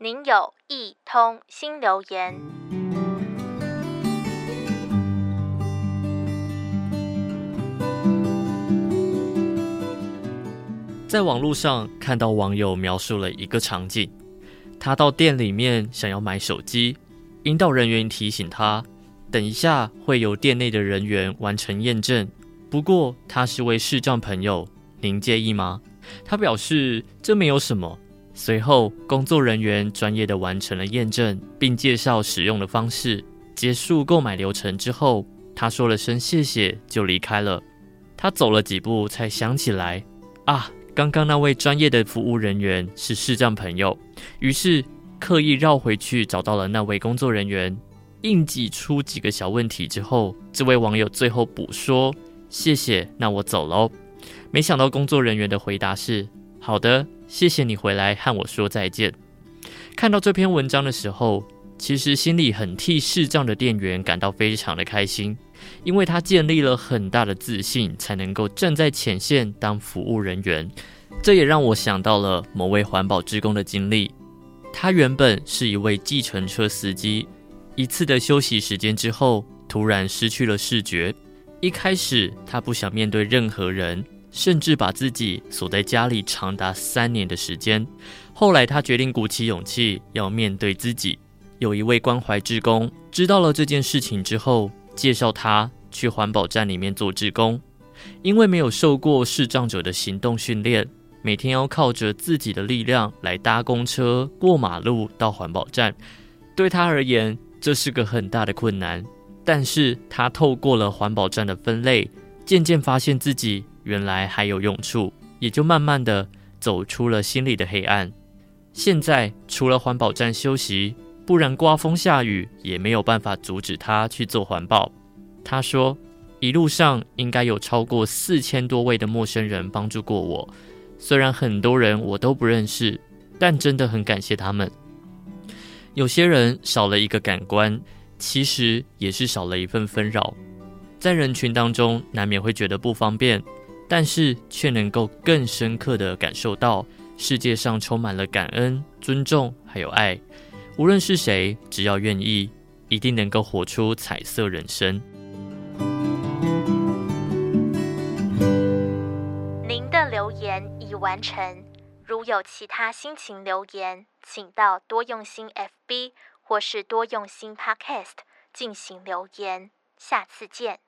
您有一通新留言。 在網絡上看到網友描述了一個場景：他到店裡面想要買手機，引導人員提醒他，等一下會由店內的人員完成驗證。不過他是位視障朋友，您介意嗎？他表示這沒有什麼。隨後，工作人員專業的完成了驗證，並介紹使用的方式。結束購買流程之後，他說了聲謝謝就離開了。他走了幾步才想起來，啊，剛剛那位專業的服務人員是視障朋友，於是刻意繞回去找到了那位工作人員，硬擠出幾個小問題之後，這位網友最後補說謝謝，那我走嘍。沒想到工作人員的回答是。好的，謝謝你回來和我說再見。看到這篇文章的時候，其實心裡很替視障的店員感到非常的開心，因為他建立了很大的自信，才能夠站在前線當服務人員。這也讓我想到了某位環保志工的經歷。他原本是一位計程車司機，一次的休息時間之後，突然失去了視覺。一開始，他不想面對任何人。甚至把自己鎖在家裡長達三年的時間。後來，他決定鼓起勇氣要面對自己。有一位關懷志工知道了這件事情之後，介紹他去環保站裡面做志工。因為沒有受過視障者的行動訓練，每天要靠着自己的力量來搭公車、過馬路到環保站，對他而言這是個很大的困難。但是他透過了環保站的分類，漸漸發現自己。原來還有用處，也就慢慢地走出了心裡的黑暗。現在除了環保站休息，不然颳風下雨也沒有辦法阻止他去做環保。他說，一路上應該有超過四千多位的陌生人幫助過我，雖然很多人我都不認識，但真的很感謝他們。有些人少了一個感官，其實也是少了一份紛擾，在人群當中難免會覺得不方便。但是，卻能夠更深刻地感受到，世界上充滿了感恩、尊重，還有愛。無論是誰，只要願意，一定能夠活出彩色人生。您的留言已完成。如有其他心情留言，請到多用心 FB 或是多用心 Podcast 進行留言。下次見。